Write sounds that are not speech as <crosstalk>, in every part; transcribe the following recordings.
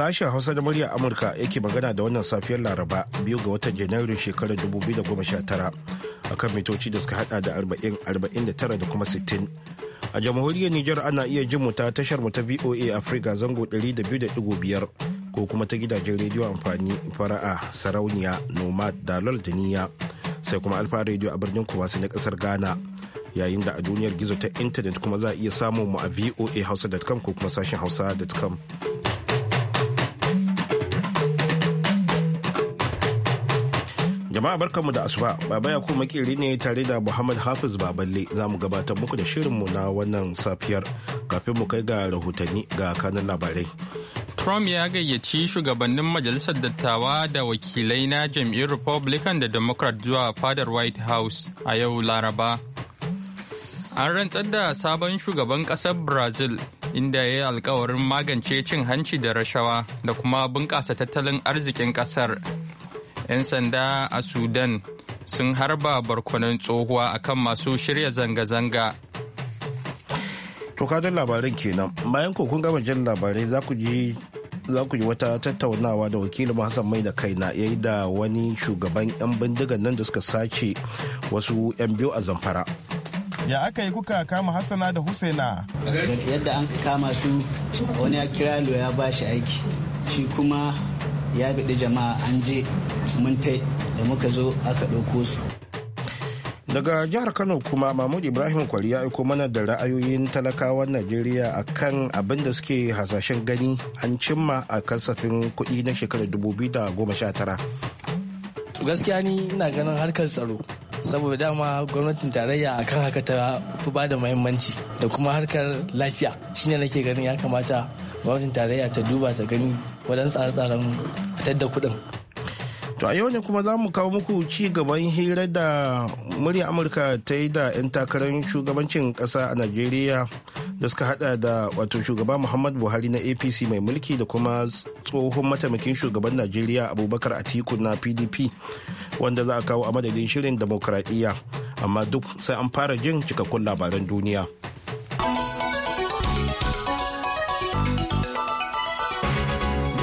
Sashen Hausa da murya Amurka yake magana da wannan safiyar Laraba biyu ga watan Janairu shekarar 2019 akan mitoci da suka hada da arba'in 49 da kuma 60. A jamhuriyar Nijar ana iya jin mu ta tashar mu ta VOA Africa zango 200.5 ko kuma ta gidajen rediyo amfani fara'a sarauniya nomad da niyya sai kuma alfa rediyo a birnin kumasi na kasar ghana yayin da a duniyar gizo ta intanet kuma za a iya samun mu a voa hausa.com ko kuma sashen hausa.com Jama'a barkanmu da asuba, Baba Yakubu makiri ne tare da Muhammad Hafiz Baballe za mu gabatar muku da shirin mu na wannan safiyar kafin mu kai ga rahotanni ga kanan labarai. Trump ya gayyaci shugabannin majalisar dattawa da wakilai na jam'iyyar Republican da Democrat zuwa fadar White House a yau Laraba. An rantsar da sabon shugaban ƙasar Brazil inda ya yi alkawarin magance cin hanci da rashawa da kuma bunƙasa tattalin arzikin ƙasar. 'yan sanda a sudan sun harba barkwanin tsohuwa akan masu shirya zanga-zanga tuka don labarin kenan bayan ko kun jin labarai za ku ji wata tattaunawa da wakilin hassan mai da kaina ya yi da wani shugaban 'yan bindigan nan da suka sace wasu 'yan biyu a zamfara ya aka yi kuka kama hassana da husaina yadda an kama su wani ya kira ya ba shi aiki shi kuma ya biɗi jama'a an je muntai da muka zo aka ɗauko su daga jihar kano kuma mahmud ibrahim kwari ya aiko mana da ra'ayoyin talakawan najeriya kan abin da suke hasashen gani an cimma a kasafin kuɗi na shekarar 2019 to gaskiya ni ina ganin harkar tsaro saboda dama gwamnatin tarayya akan haka ta fi ba da muhimmanci da kuma harkar lafiya shine nake ganin ya kamata gwamnatin tarayya ta duba ta gani wajen tsare-tsaren fitar da kuɗin To a yau ne kuma za mu kawo muku ci gaban hira da murya Amurka ta yi da 'yan takarar shugabancin kasa a Najeriya da suka hada da wato shugaba Muhammad Buhari na APC mai mulki da kuma tsohon mataimakin shugaban Najeriya Abubakar Atiku na PDP wanda za a kawo a madadin shirin demokradiyya amma duk sai an fara jin cikakkun labaran duniya.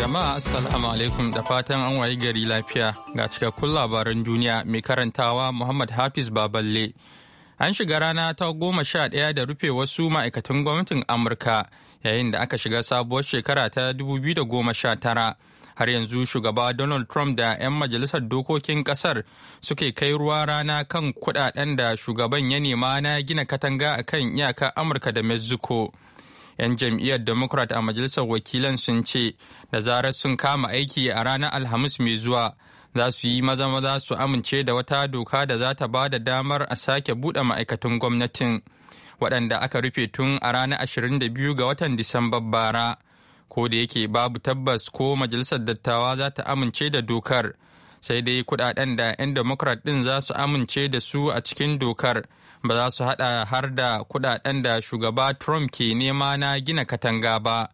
Jama'a Assalamu alaikum da fatan an wayi gari lafiya ga cikakkun labaran duniya mai karantawa Muhammad Hafiz Baballe. An shiga rana ta goma sha ɗaya da rufe wasu ma'aikatan gwamnatin Amurka yayin da aka shiga sabuwar shekara ta 2019. Har yanzu shugaba Donald Trump da 'yan majalisar dokokin kasar suke kai ruwa rana kan kudaden da shugaban ya nema na gina katanga akan kan iyakar Amurka da Mexico. 'yan jam'iyyar democrat a majalisar wakilan sun ce da zarar sun kama aiki a ranar alhamis mai zuwa za su yi maza maza su amince da wata doka da za ta ba da damar a sake bude ma'aikatan gwamnatin waɗanda aka rufe tun a ranar 22 ga watan disamba bara ko da yake babu tabbas ko majalisar dattawa za ta amince da dokar sai dai kudaden da 'yan democrat ɗin za su amince da su a cikin dokar ba za su hada har da kudaden da shugaba trump ke nema na gina katanga ba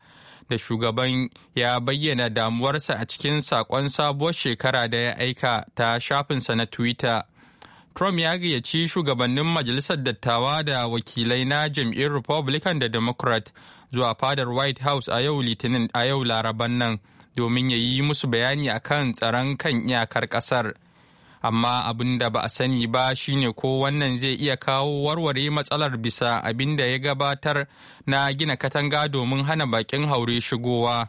da shugaban ya bayyana damuwarsa a cikin sakon sabuwar shekara da ya aika ta shafinsa na twitter trump ya gayyaci shugabannin majalisar dattawa da wakilai na jam'iyyar republican da democrat zuwa fadar white house a yau litinin a yau laraban nan domin ya yi musu bayani akan tsaron kan iyakar ƙasar amma abin da ba a sani ba shine ko wannan zai iya kawo warware matsalar bisa abin da ya gabatar na gina katanga domin hana bakin haure shigowa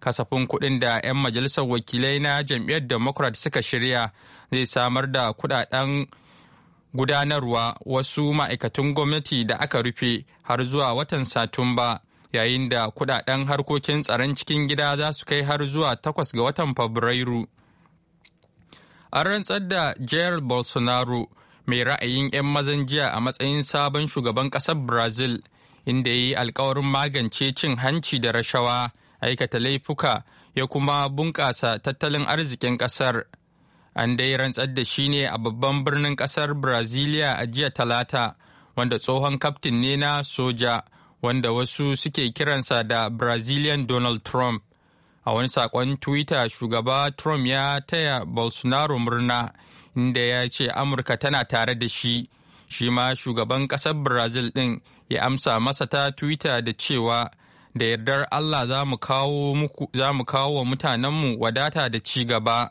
kasafin kuɗin da 'yan majalisar wakilai na jam'iyyar democrat suka shirya zai samar da kuɗaɗen gudanarwa wasu ma'aikatan gwamnati da aka rufe har zuwa watan satumba yayin da kuɗaɗen harkokin tsaron cikin gida za su kai har zuwa takwas ga watan fabrairu an rantsar da jair bolsonaro mai ra'ayin 'yan mazan jiya a matsayin sabon shugaban ƙasar brazil inda ya yi alkawarin magance cin hanci da rashawa aikata laifuka ya kuma bunƙasa tattalin arzikin ƙasar an dai rantsar da shi ne a babban birnin ƙasar brazilia a jiya talata wanda tsohon kaftin ne na soja wanda wasu suke kiransa da brazilian donald trump A wani saƙon Twitter, shugaba Trump ya taya Bolsonaro murna inda ya ce Amurka tana tare da shi. Shi ma shugaban ƙasar Brazil din ya amsa masa ta Twitter da cewa da yardar Allah za mu kawo wa mutanenmu wadata da ci gaba.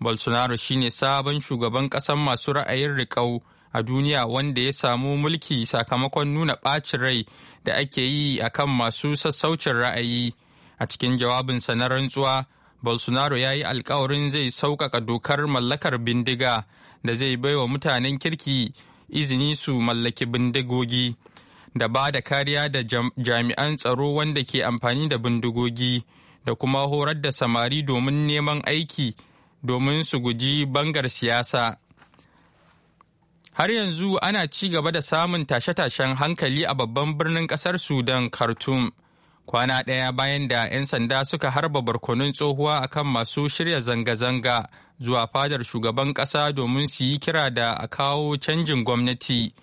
Bolsonaro shine sabon shugaban ƙasar masu ra'ayin riƙau a duniya wanda ya samu mulki sakamakon nuna ɓacin rai da ake yi akan masu sassaucin ra'ayi. A cikin jawabinsa na rantsuwa, Bolsonaro ya yi alkawarin zai sauƙaƙa dokar mallakar bindiga da zai baiwa mutanen kirki izini su mallaki bindigogi da ba da kariya da jami'an tsaro wanda ke amfani da bindigogi da kuma horar da samari domin neman aiki domin su guji bangar siyasa. Har yanzu ana ci gaba da samun tashe-tashen hankali a babban birnin kasar Sudan, Khartoum. kwana ɗaya bayan da 'yan sanda suka harba barkonun tsohuwa akan masu shirya zanga-zanga zuwa fadar shugaban ƙasa domin su yi kira da a kawo canjin gwamnati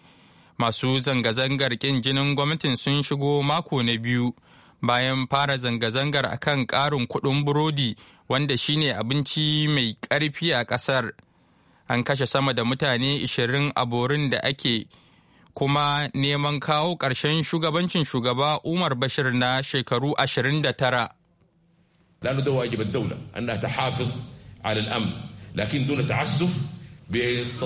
masu zanga-zangar ƙin jinin gwamnatin sun shigo mako na biyu bayan fara zanga-zangar akan ƙarin kuɗin burodi wanda shine abinci mai ƙarfi a ƙasar an kashe sama da mutane 20 a borin da ake kuma neman kawo ƙarshen shugabancin shugaba Umar Bashir na shekaru 29.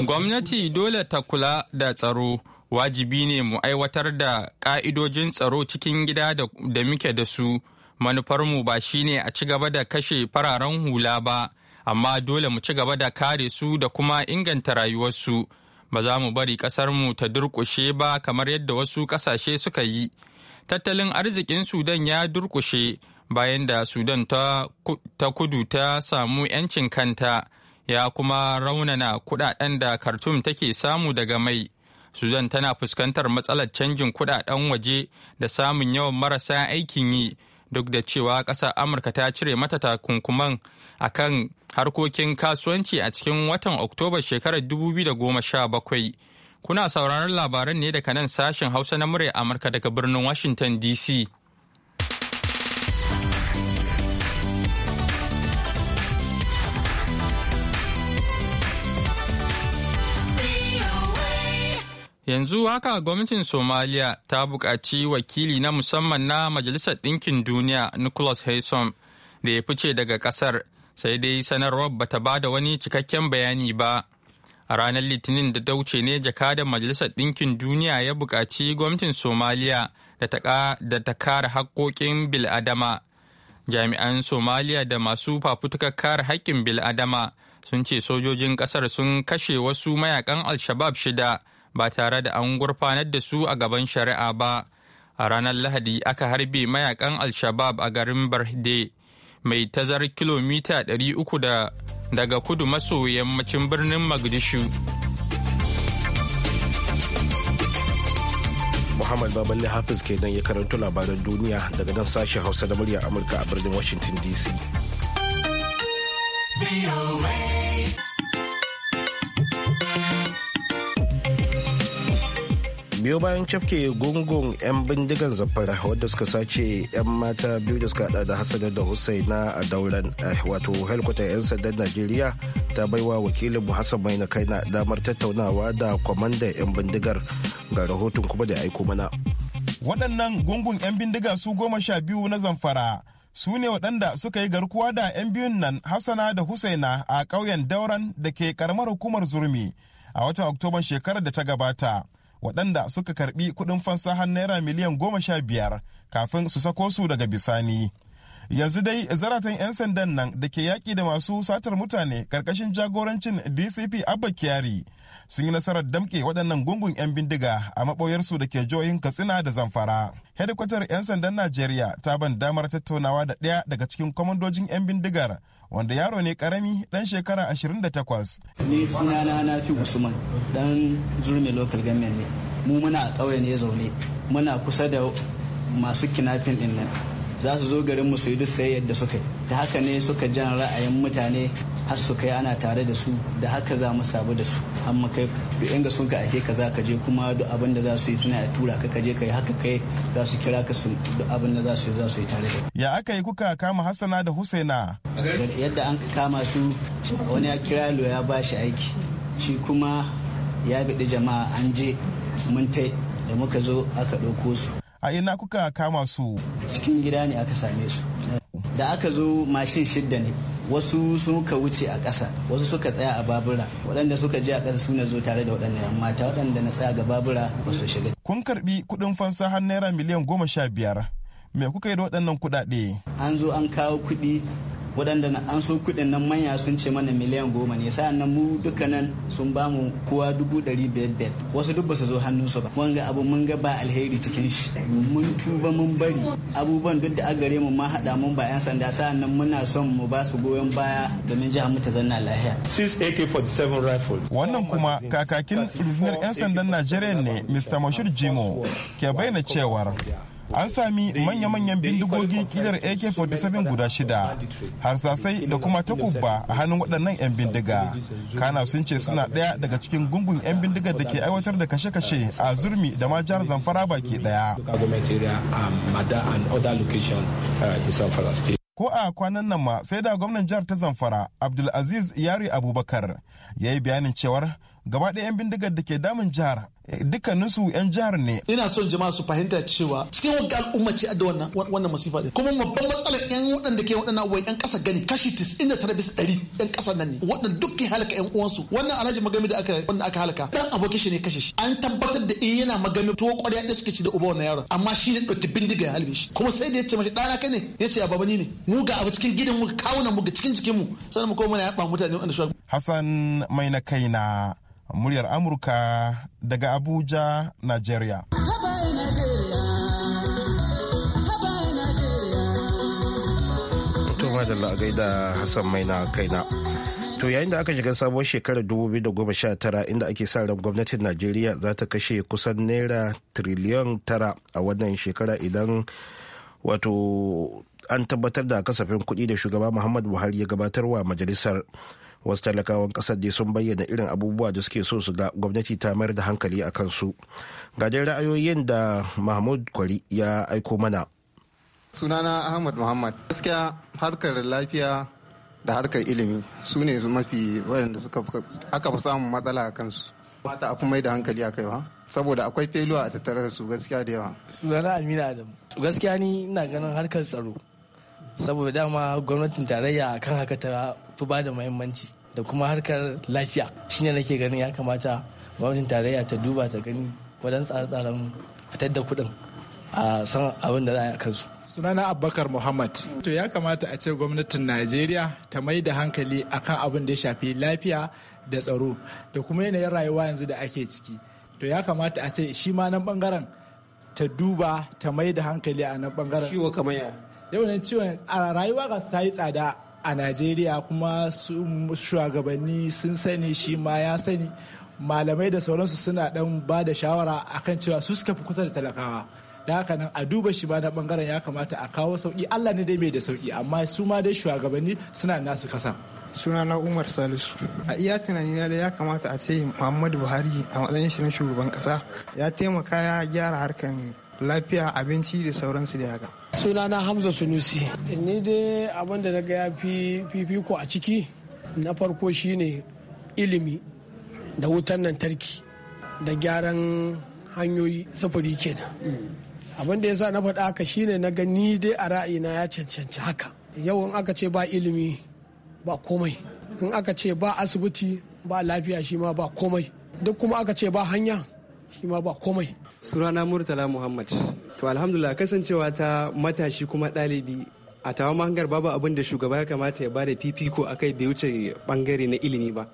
Gwamnati dole ta kula da tsaro wajibi ne mu aiwatar da ƙa'idojin tsaro cikin gida da muke da su manufarmu ba shine a ci gaba da kashe fararen hula ba amma dole mu ci gaba da kare su da kuma inganta rayuwarsu. ba za mu bari kasarmu ta durƙushe ba kamar yadda wasu kasashe suka yi tattalin arzikin sudan ya durƙushe bayan da sudan ta, kudu ta samu 'yancin kanta ya kuma raunana kudaden da khartoum take samu daga mai sudan tana fuskantar matsalar canjin kudaden waje da samun yawan marasa aikin yi duk da cewa ƙasar amurka ta cire mata takunkuman a kan. harkokin kasuwanci a cikin watan Oktoba shekarar 2017. Kuna sauraron labaran ne daga nan sashen Hausa na murya Amurka daga birnin Washington DC. Yanzu haka gwamnatin Somaliya ta buƙaci wakili na musamman na Majalisar Ɗinkin Duniya Nicholas Haysom da ya fice daga ƙasar. sai dai sanarwar bata ba da wani cikakken bayani ba a ranar litinin da ta wuce ne jakadan majalisar ɗinkin duniya ya buƙaci gwamnatin somaliya da ta kare haƙƙoƙin bil'adama jami'an somaliya da masu fafutukar kare haƙƙin bil'adama sun ce sojojin ƙasar sun kashe wasu mayakan alshabab shida ba tare da an gurfanar da su a gaban shari'a ba a ranar lahadi aka harbe mayakan alshabab a garin barde mai tazarar kilomita 300 daga kudu maso yammacin birnin Mogadishu. Muhammad Baballe Hafiz kenan ya karanto labaran duniya daga nan sashen Hausa da murya Amurka a birnin Washington DC. biyo bayan cafke gungun 'yan bindigan zafara wadda suka sace 'yan mata biyu da suka hada da hassan da husaina a dauran eh, wato helkwatar 'yan sandan najeriya ta baiwa wakilin mu hasan mai na kaina damar tattaunawa da kwamandan 'yan bindigar ga rahoton kuma da aiko mana waɗannan gungun 'yan bindiga su goma sha biyu na zamfara su ne waɗanda suka yi garkuwa da 'yan biyun nan hassana da husaina a ƙauyen dauran da ke karamar hukumar zurmi a watan oktoban shekarar da ta gabata waɗanda suka karbi kuɗin fansahar naira miliyan goma sha biyar kafin su sako su daga bisani yanzu dai zaratan 'yan sandan nan da ke yaƙi da masu satar mutane ƙarƙashin jagorancin dcp abba kyari sun yi nasarar damƙe waɗannan gungun 'yan bindiga a maɓoyarsu da ke jihohin katsina da zamfara hedikwatar 'yan sandan najeriya ta ban damar tattaunawa da ɗaya daga cikin kwamandojin 'yan bindigar wanda yaro ne karami dan shekara 28 ni suna na fi usman dan zurmi local government ne mu muna a ƙauye ne zaune muna kusa da masu kinafin din nan za su zo garin mu su yi duk sayayyar da suka yi ta haka ne suka jan ra'ayin mutane har su kai ana tare da su da haka za mu sabu da su har mu kai duk inga sun ka ake ka za ka je kuma duk abin da za su yi suna tura ka ka je ka yi haka kai za su kira ka su duk abin da za su yi za su yi tare da ya aka yi kuka kama hassana da husaina yadda an kama su wani ya kira lo ya ba shi aiki shi kuma ya biɗi jama'a an je mun tai da muka zo aka ɗauko su a ina kuka kama su cikin gida ne aka same su da aka zo mashin shidda ne wasu suka wuce a ƙasa wasu suka tsaya a babura waɗanda suka je a ƙasa suna zo tare da waɗanda yan mata waɗanda na tsaya ga babura ba su shiga kun karbi kuɗin fansa har naira miliyan goma sha biyar me kuka yi da waɗannan kuɗaɗe an zo an kawo kuɗi waɗanda an so kuɗin nan manya sun ce mana miliyan goma ne sa'an nan mu nan sun ba mu kowa dubu ɗari biyar biyar wasu duk basu zo hannun su ba ga abu mun ga ba alheri cikin shi mun tuba mun bari abubuwan duk da gare mu ma haɗa mun ba 'yan sanda sa'an nan muna son mu ba su goyon baya domin jihar mu ta zanna lahiya. Wannan kuma kakakin rundunar 'yan sandan Najeriya ne Mr. Moshir Jimo ke bayyana cewar an sami manya-manyan bindigogi kilar ak-47 guda shida harsasai da kuma takubba a hannun waɗannan 'yan bindiga kana sun ce suna ɗaya daga cikin gungun 'yan bindigar da ke aiwatar da kashe-kashe a zurmi da ma jihar zamfara baki ɗaya ko a kwanan nan ma sai da gwamnan jihar ta zamfara abdulaziz yari abubakar ya yi bayanin cewar gaba ɗaya 'yan bindigar da ke damun jihar dukkaninsu 'yan jihar ne. Ina son jama'a su fahimta cewa cikin wagga al'umma ce da wannan wannan masifa din. Kuma babban matsalar 'yan waɗanda ke waɗannan wai 'yan ƙasa gani kashi 99 bisa 100 'yan ƙasa nan ne waɗanda dukkan halaka 'yan uwansu. Wannan alhaji magami da aka wanda aka halaka dan aboki shi ne kashe shi. An tabbatar da in eh, yana magami to ƙwarya da suke ci da uba wannan yaron amma shi ne ɗauki bindiga ya halbe shi. Kuma sai da ya ce mashi ɗana ka ne ya ce baba ni ne. Mu ga abu cikin gidan mu kawunan mu ga cikin jikin mu sannan mu koma ya yaɓa mutane wanda shi. Hassan mai na kaina. muryar amurka daga abuja nigeria to madalla a gaida hassan maina kaina to yayin da aka shiga sabuwar shekarar 2019 inda ake sa ran gwamnatin najeriya za ta kashe kusan naira triliyon tara a wannan shekara idan wato an tabbatar da kasafin kuɗi da shugaba muhammad buhari ya gabatar wa majalisar wasu talakawan kasar dai sun bayyana irin abubuwa da suke so su ga gwamnati ta mayar da hankali a kansu ga dai ra'ayoyin da mahmud kwari ya aiko mana sunana ahmad muhammad gaskiya harkar lafiya da harkar ilimi su ne mafi waɗanda suka aka fi samun matsala a kansu mata a fi mai da hankali a kaiwa saboda akwai feluwa a tattare da su gaskiya da yawa sunana amina adamu gaskiya ni ina ganin harkar tsaro saboda dama gwamnatin tarayya kan haka ta fi ba da muhimmanci da kuma harkar lafiya shine nake ganin ya kamata gwamnatin tarayya ta duba ta gani wajen tsare-tsaren fitar da kuɗin a san abin da za a kansu. sunana abubakar muhammad to ya kamata a ce gwamnatin najeriya ta mai da hankali akan abin da ya shafi lafiya da tsaro da kuma yanayin rayuwa yanzu da ake ciki to ya kamata a ce shi ma nan bangaren ta duba ta mai da hankali a nan bangaren yau ne ciwon a rayuwa ga ta yi tsada a najeriya kuma shugabanni sun sani shi ma ya sani malamai da sauransu suna dan ba da shawara akan cewa su suka fi kusa da talakawa da haka nan a duba shi ba na bangaren ya kamata a kawo sauki allah ne dai mai da sauki amma su ma dai shugabanni suna nasu Suna na umar salisu a iya tunani na da ya kamata a ce muhammadu buhari a matsayin shi na shugaban kasa ya taimaka ya gyara harkar lafiya abinci da sauransu da haka sunana hamza sunusi ni dai abin da na ga ya fi fifiko a ciki na farko shine ilimi da wutan lantarki da gyaran hanyoyi sufuri kenan abin da ya sa na faɗa haka shine na gani dai a ra'ayina ya cancanci haka yau in aka ce ba ilimi ba komai in aka ce ba asibiti ba lafiya shi ma ba komai duk kuma aka ce ba hanya shi ma ba komai surana murtala muhammad to alhamdulillah kasancewa ta matashi kuma ɗalibi a tawa mahangar babu abin da shugaba ya kamata ya bada fifiko a kai bai wuce bangare na ilimi ba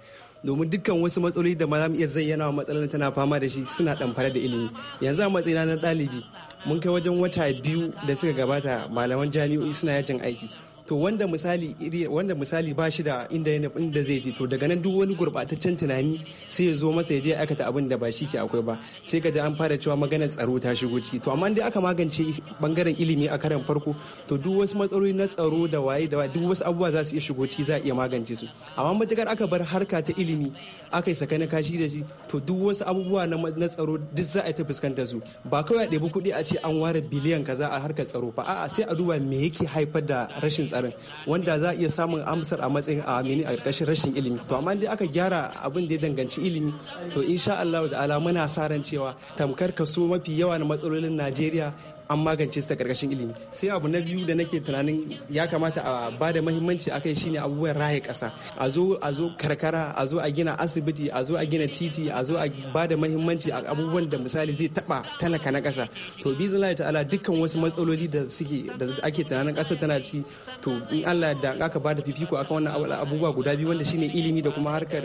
domin dukkan wasu matsaloli da ma za mu iya zayyana wa matsalar tana fama da shi suna damfara da ilimi yanzu a matsayina na ɗalibi mun kai wajen wata biyu da suka gabata malaman jami'o'i suna yajin aiki to wanda misali wanda misali ba shi da inda yana inda zai je to daga nan duk wani gurbataccen tunani sai ya zo masa ya je aikata abin da ba shi ke akwai ba sai ka ji an fara cewa maganar tsaro ta shigo ciki to amma dai aka magance bangaren ilimi a karan farko to duk wasu matsaloli na tsaro da waye da duk wasu abubuwa za su iya shigo ciki za a iya magance su amma matukar aka bar harka ta ilimi aka yi sakani kashi da shi to duk wasu abubuwa na tsaro duk za a ta fuskanta su ba kawai a ɗebi kuɗi a ce an ware biliyan kaza a harkar tsaro ba a'a sai a duba me yake haifar da rashin tsarin wanda za a iya samun amsar a matsayin a amini a ƙarƙashin rashin ilimi to amma dai aka gyara abin da ya danganci ilimi to insha Allah da ala muna sa ran cewa tamkar kaso mafi yawa na matsalolin Najeriya an magance su ta karkashin ilimi sai abu na biyu da nake tunanin ya kamata a ba da mahimmanci akai shine abubuwan raye kasa a zo a zo karkara a zo a gina asibiti a zo a gina titi a zo a ba da mahimmanci a abubuwan da misali zai taba talaka na kasa to bizin ta'ala dukkan wasu matsaloli da suke da ake tunanin kasa tana ci to in Allah da aka ba da fifiko akan wannan abubuwa guda biyu wanda shine ilimi da kuma harkar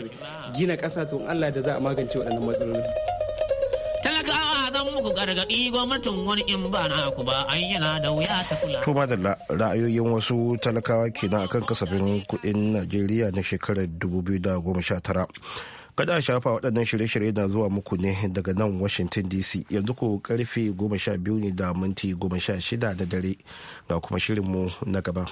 gina kasa to in Allah da za a magance waɗannan matsaloli zan muku gargaɗi gwamnatin wani in ba na ku ba an yana da wuya ta kula. To da ra'ayoyin wasu talakawa kenan akan kasafin kuɗin Najeriya na shekarar 2019. Kada a shafa waɗannan shirye-shirye na zuwa muku ne daga nan Washington DC yanzu ko karfe 12 ne da minti shida da dare ga kuma shirin mu na gaba.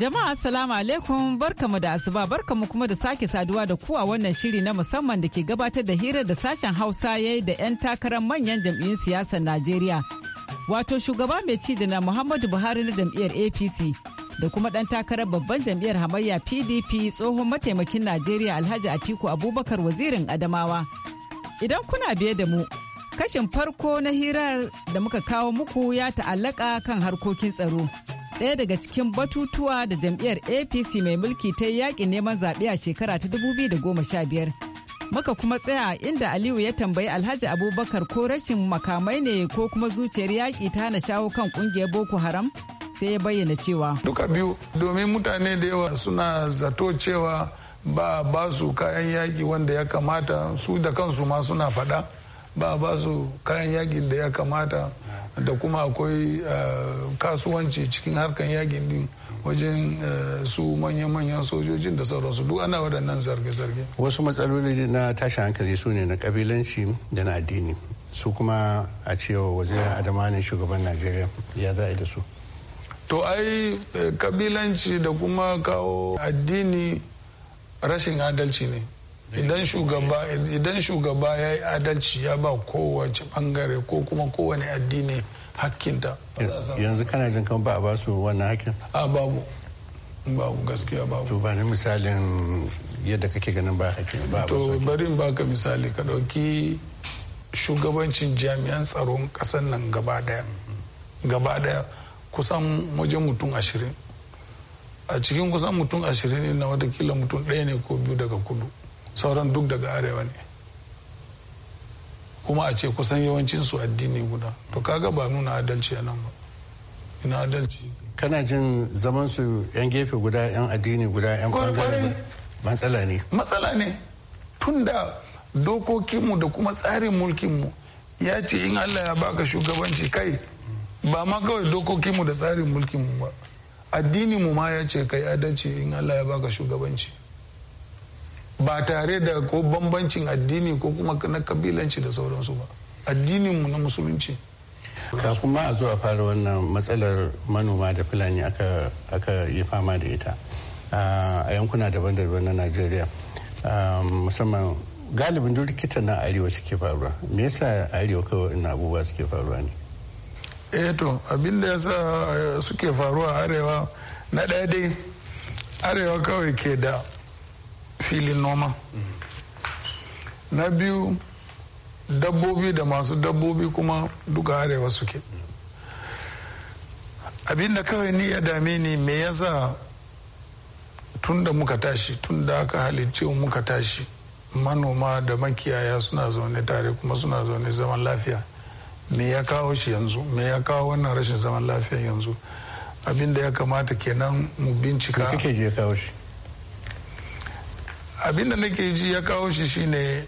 Jama'a Salamu alaikum barkamu da asuba barkamu kuma da sake saduwa da kuwa wannan shiri na musamman da ke gabatar da hirar da sashen Hausa ya yi da 'yan takarar manyan jam'iyyun siyasar Najeriya. Wato shugaba mai ci da na Muhammadu Buhari na jam'iyyar APC da kuma ɗan takarar babban jam'iyyar hamayya PDP tsohon mataimakin Najeriya Alhaji Atiku Abubakar wazirin Adamawa. Idan kuna biye da mu, kashin farko na hirar da muka kawo muku ya ta'allaka kan harkokin tsaro. ɗaya daga cikin batutuwa da jam'iyyar apc mai mulki ta yi yaƙin neman zaɓe a shekara ta 2015 muka kuma tsaya inda aliyu ya tambayi alhaji abubakar ko rashin makamai ne ko kuma zuciyar yaƙi ta hana shawo kan ƙungiyar boko haram sai ya bayyana cewa duka biyu domin mutane da yawa suna zato cewa ba ba su kayan yaƙi wanda ya kamata su da kansu ma suna faɗa ba ba su kayan yaƙin da ya kamata da kuma akwai eh, kasuwanci cikin harkan yakin din wajen eh, su manya-manyan sojojin da sauransu duk ana waɗannan zarge-zarge wasu matsaloli na tashin hankali su ne na kabilanci da na addini su kuma a cewa wazirin adama ne shugaban najeriya ya za'a da su to ai kabilanci eh, da kuma kawo addini rashin adalci ne idan shugaba idan shugaba ya yi adalci ya ba kowace bangare ko kuma kowane addini hakkinta yanzu kana jin kan ba a ba su wannan hakkin a babu babu gaskiya babu to ba ni misalin yadda kake ganin ba hakkin ba to bari in baka misali ka dauki shugabancin jami'an tsaron ƙasar nan gaba daya gaba daya kusan wajen mutum ashirin a cikin kusan mutum ashirin ne na watakila mutum ɗaya ne ko biyu daga kudu sauran duk daga arewa ne kuma a ce kusan yawancinsu addini guda to kaga ba nuna adalci a nan ba ina adalci kana jin zaman su yan gefe guda yan addini guda yan kwangwani. matsala ne matsala ne tun da dokokinmu da kuma tsarin mulkinmu ya ce in allah ya baka shugabanci kai ba ma kawai dokokinmu da tsarin mulkinmu ba addini mu ma ya ce kai adalci in allah ya baka shugabanci ba tare da ko bambancin addini ko kuma na kabilanci da sauransu ba mu na musulunci kafin ma a zuwa fara wannan matsalar manoma da fulani aka yi fama da ita a yankuna daban-daban na najeriya musamman galibin rikita na arewa suke faruwa me yasa arewa kawai na abubuwa suke faruwa ne eh to abinda yasa eh, suke faruwa arewa na ɗaya dai arewa kawai ke da filin noma na biyu dabbobi da masu dabbobi kuma duka arewa suke abinda kawai ni ya dame ni me yasa tun da muka tashi tun da aka halicce muka tashi manoma da makiyaya suna zaune tare kuma suna zaune zaman lafiya me ya kawo shi yanzu me ya kawo wannan rashin zaman lafiya yanzu abinda ya kamata kenan mu bincika kawo shi. abinda nake ji ya kawo shi shine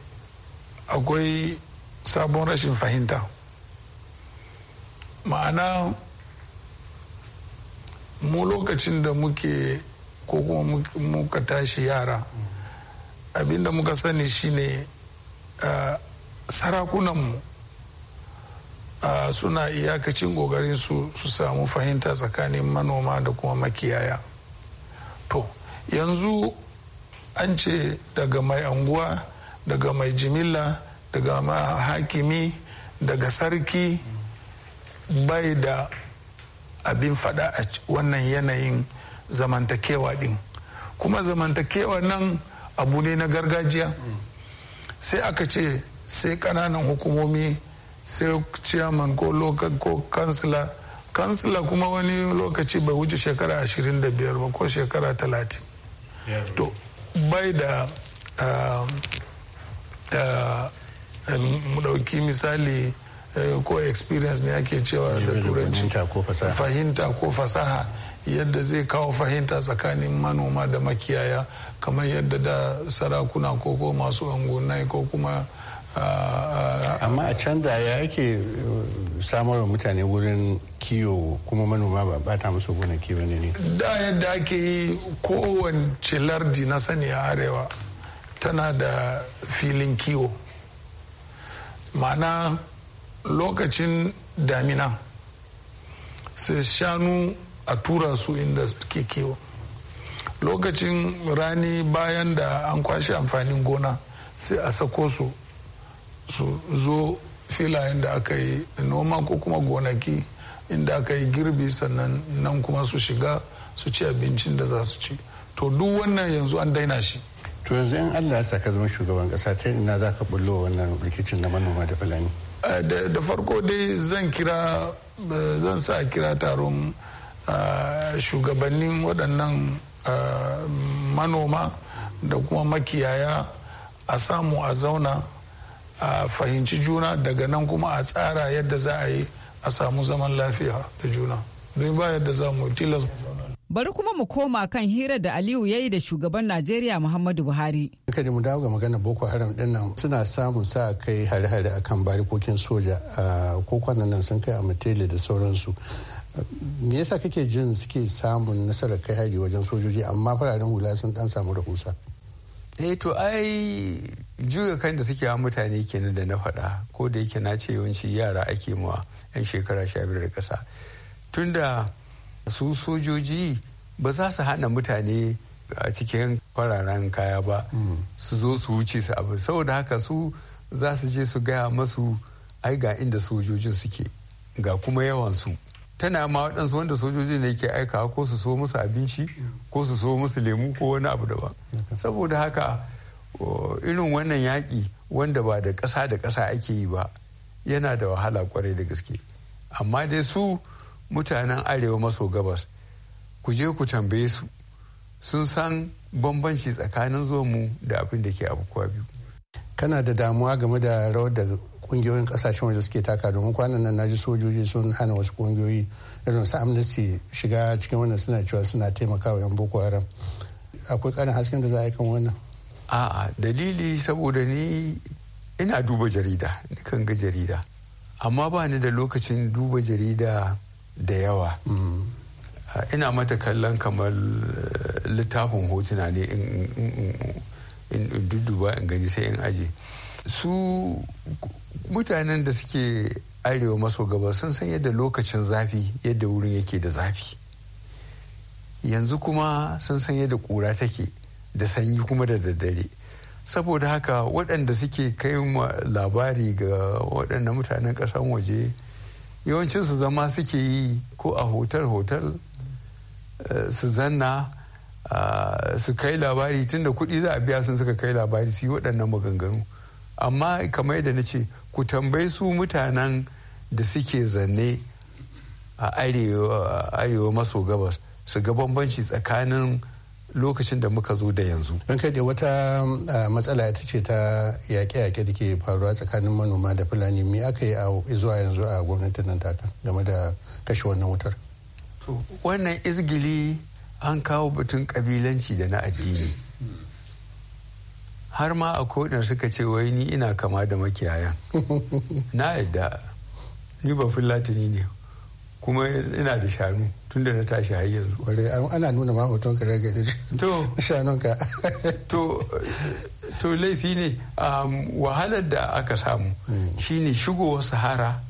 akwai sabon rashin fahimta ma'ana mu lokacin da muke ko kuma muka tashi yara abinda muka sani shine ah, sarakunanmu ah, suna iyakacin kokarin su su samu fahimta tsakanin manoma da kuma makiyaya to yanzu an ce daga mai anguwa daga mai jimilla daga hakimi daga sarki bai da abin fada a wannan yanayin zamantakewa din kuma zamantakewa nan abu ne na gargajiya sai aka ce sai kananan hukumomi sai ciyaman ko kansila kansila kuma wani lokaci bai wuce shekara 25 ba ko shekara 30 to bai da um, um, mudauki misali eh, ko experience ne ake cewa da turanci fahimta ko fasaha yadda zai kawo fahimta tsakanin manoma da makiyaya kamar yadda da sarakuna ko ko masu ungunai ko kuma uh, uh, amma a can da ya ake samarwa mutane wurin kiwo kuma manoma ba bata musu gona kiwo ne ne. da yadda ake yi kowace lardi na saniya a arewa tana da filin kiwo ma'ana lokacin damina sai shanu a tura su inda ke kiwo lokacin rani bayan da an kwashe amfanin gona sai a sako su zo filayen da aka yi noma ko kuma gonaki inda aka yi girbi sannan nan kuma su shiga su ci abincin da za su ci to duk wannan yanzu an daina shi to yanzu in allah ya saka zama shugaban kasa ta ina za ka bullo wannan rikicin na manoma da fulani eh, da farko dai zan kira zan sa kira taron shugabannin waɗannan manoma da kuma makiyaya a samu a zauna a fahimci juna daga nan kuma a tsara yadda za a yi a samu zaman lafiya da juna don ba yadda za mu tilas bari kuma mu koma kan hira da aliyu ya yi da shugaban najeriya muhammadu buhari duka mu dawo ga magana boko haram din nan suna samun sa kai hare-hare akan barikokin soja ko kwanan nan sun kai a mutele da sauransu me yasa kake jin suke samun nasarar kai hari wajen sojoji amma fararen hula sun dan samu rahusa eh to ai juya kan da suke wa mutane kenan da na faɗa ko da yake na ce yawanci yara ake mawa 'yan shekara sha biyar da ƙasa tunda su sojoji ba za su hana mutane a cikin fararen kaya ba mm. su zo su wuce su abu saboda haka su za su je su gaya masu ai ga inda sojojin suke ga kuma yawan su tana ma waɗansu wanda sojoji ne ke aika ko su so musu abinci ko su so musu lemu ko wani abu ba saboda haka irin wannan yaƙi wanda ba da ƙasa da ƙasa ake yi ba yana da wahala kwarai da gaske amma dai su mutanen arewa maso gabas ku je ku tambaye su sun san bambanci tsakanin mu da abin da ke abubuwa biyu kana da damuwa game da rawar da kungiyoyin kasashen waje suke taka domin kwanan nan naji sojoji sun hana wasu kungiyoyi irin su amnesty shiga cikin wannan suna cewa suna taimakawa yan boko haram akwai karin hasken da za a yi kan wannan a'a dalili saboda ni ina duba jarida kan ga jarida amma ba ni da lokacin duba jarida da yawa mm. ina mata kallon kamar eh, littafin hotuna ne in duduba in gani sai in aje su mutanen da suke arewa maso gaba sun san yadda lokacin zafi yadda wurin yake da zafi yanzu kuma sun san yadda kura take da sanyi kuma da daddare saboda haka waɗanda suke kai labari ga waɗannan mutanen ƙasan waje yawancin su zama suke yi ko a hotel-hotel eh, su zanna su kai labari tunda kuɗi za a biya sun suka kai labari su yi waɗannan maganganu amma kamar yadda na ce ku tambayi su mutanen da suke zanne a arewa maso gabas su ga bambanci tsakanin lokacin da muka zo da yanzu. Don kai wata matsala ita ce ta yaƙe-yaƙe da ke faruwa tsakanin manoma da fulani me aka yi zuwa yanzu a gwamnatin nan taka game da kashe wannan wutar. Wannan izgili an kawo batun kabilanci da na addini. har ma a kodin suka ce wai ni ina kama da makiyayan <laughs> na yadda ni ba fulatani ne kuma ina da shanu tun da na tashi har yanzu ana nuna ma hoton ka rage da <laughs> shanun ka to laifi ne um, wahalar da aka samu hmm. shine shigowar sahara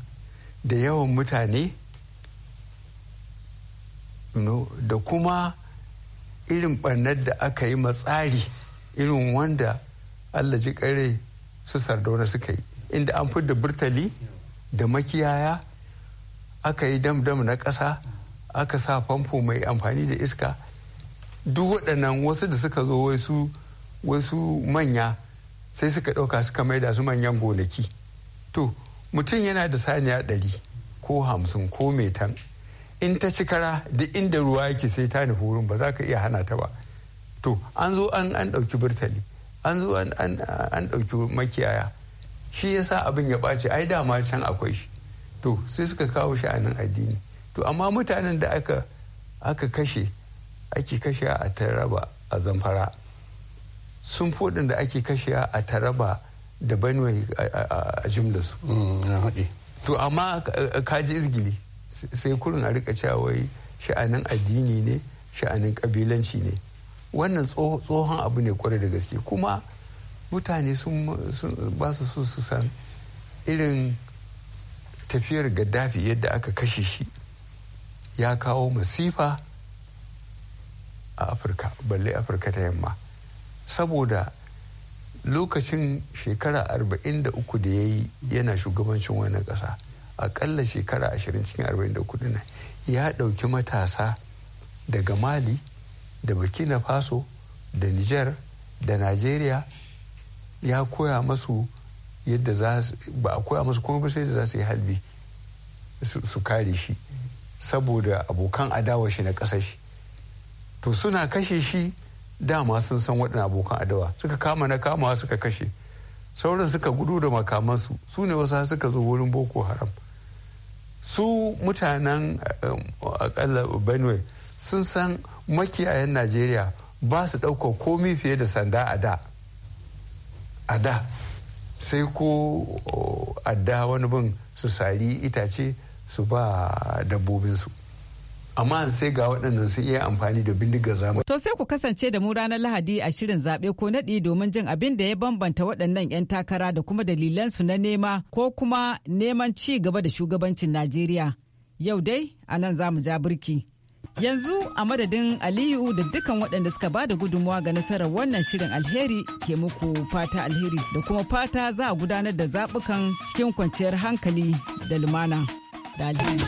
da yawan mutane da kuma irin ɓarnar da aka yi matsari irin wanda allah ji kare su sardauna suka yi inda an fidda burtali da makiyaya aka yi dam-dam na ƙasa aka sa famfo mai amfani da iska duk waɗannan wasu da suka zo wasu manya sai suka ɗauka suka mai da su manyan gonaki to mutum yana da saniya ɗari ko hamsin ko metan in ta ci kara da inda ruwa yake sai ta nufi wurin ba za ka iya hana ta ba to an zo an an ɗauki burtali an zo an ɗauki makiyaya shi ya sa abin ya ɓace ai dama can akwai shi to sai suka kawo shi a nan addini to amma mutanen da aka kashe ake kashe a taraba a zamfara sun fodin da ake kashe a taraba da benue a jimla su mm, to amma kaji izgili sai kurin a rika cewa wai sha'anin addini ne sha'anin kabilanci ne wannan tsohon abu ne kwarai da gaske kuma mutane sun ba su so su san irin tafiyar gaddafi yadda aka kashe shi ya kawo masifa a afirka balle afirka ta yamma saboda lokacin shekara 43 da ya yi yana shugabancin wannan ƙasa akalla shekara 20 cikin 43 ya ɗauki matasa daga mali da burkina faso da niger da nigeria ya koya masu yadda za ba a koya masu kuma sai da za su yi halbi su kare shi saboda abokan adawa shi na ƙasar shi to suna kashe shi dama sun san waɗanda abokan adawa suka kama na kamawa suka kashe sauran suka gudu da makamansu su ne wasu suka zo wurin boko haram su mutanen eh, eh, akalla benue sun san makiyayan najeriya ba su ɗaukar komi fiye da sanda a da a da sai ko oh, adda wani bin su sari itace su ba dabbobinsu amma sai ga waɗannan su iya amfani da bindigar zamani. To sai ku kasance da mu ranar Lahadi a shirin zaɓe ko naɗi domin jin abin da ya bambanta waɗannan 'yan takara da kuma dalilansu na nema ko kuma neman ci gaba da shugabancin Najeriya. Yau dai a nan za mu ja birki. Yanzu a madadin Aliyu da dukkan waɗanda suka bada gudunmawa ga nasarar wannan shirin alheri ke muku fata alheri da kuma fata za a gudanar da zabukan cikin kwanciyar hankali da lumana. Da alheri.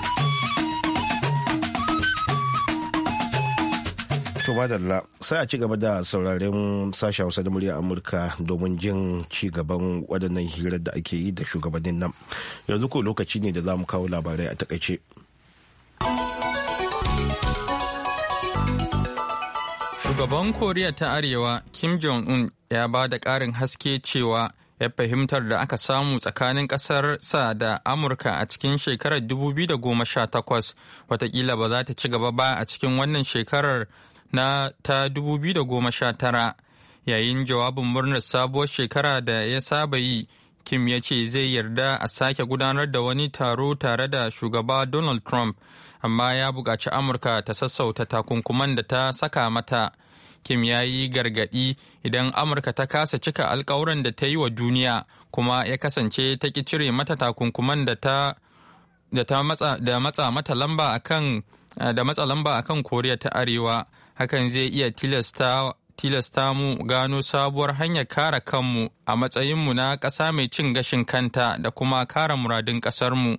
To madalla sai a ci gaba da sauraren sashen Hausa da murya Amurka domin jin ci gaban waɗannan hirar da ake yi da shugabannin nan. Yanzu ko lokaci ne da za mu kawo labarai a takaice. Shugaban Koriya ta Arewa Kim Jong-un ya ba da ƙarin haske cewa ya fahimtar da aka samu tsakanin ƙasar sa da Amurka a cikin shekarar 2018 watakila ba za ta ci gaba ba a cikin wannan shekarar na ta 2019 yayin jawabin murnar sabuwar shekara da ya saba yi Kim ya ce zai yarda a sake gudanar da wani taro tare da shugaba Donald Trump amma ya buƙaci Amurka ta sassauta takunkuman da ta saka mata. Kim ya yi gargaɗi idan Amurka ta kasa cika alkawuran da ta yi wa duniya kuma ya kasance ta ki cire mata takunkuman da matsa mata lamba akan da Koriya ta Arewa hakan zai iya tilasta tilasta mu gano sabuwar hanyar kare kanmu a matsayinmu na ƙasa mai cin gashin kanta da kuma kare muradun ƙasarmu. mu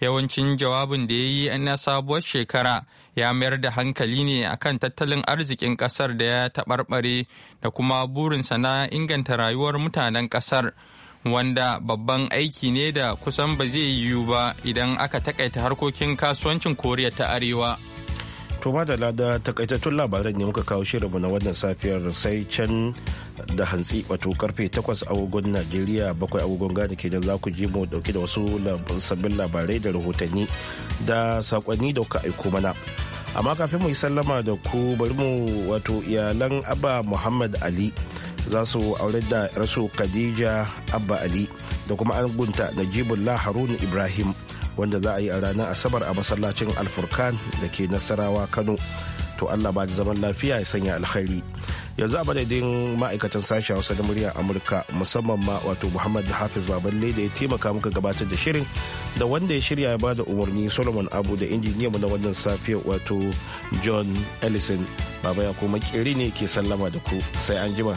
yawancin jawabin da ya yi na sabuwar shekara ya mayar da hankali ne a kan tattalin arzikin kasar da ya taɓarɓare da kuma burinsa na inganta rayuwar mutanen kasar wanda babban aiki ne da kusan ba zai yiwu ba idan aka takaita harkokin kasuwancin koriya ta arewa. To madala da takaitattun labaran ne muka kawo shirinmu na wannan safiyar sai can da hantsi wato karfe 8 agogon Najeriya bakwai agogon Ghana kenan za ku ji mu dauke da wasu sabbin labarai da rahotanni da sakonni da kuka aiko mana. Amma kafin mu yi sallama da ku bari mu wato iyalan Abba Muhammad Ali za su aure da rasu Khadija Abba Ali da kuma an gunta Najibullah Haruna Ibrahim. wanda za a yi a ranar asabar a masallacin alfurkan da ke nasarawa kano to allah ba da zaman lafiya ya sanya alkhairi yanzu a madadin ma'aikatan sashi hausa da muryar amurka musamman ma wato muhammad hafiz baballe da ya taimaka muka gabatar da shirin da wanda ya shirya ya bada umarni solomon abu da injiniya mu na wannan safiyar wato john ellison baba ya kuma ne ke sallama da ku sai an jima.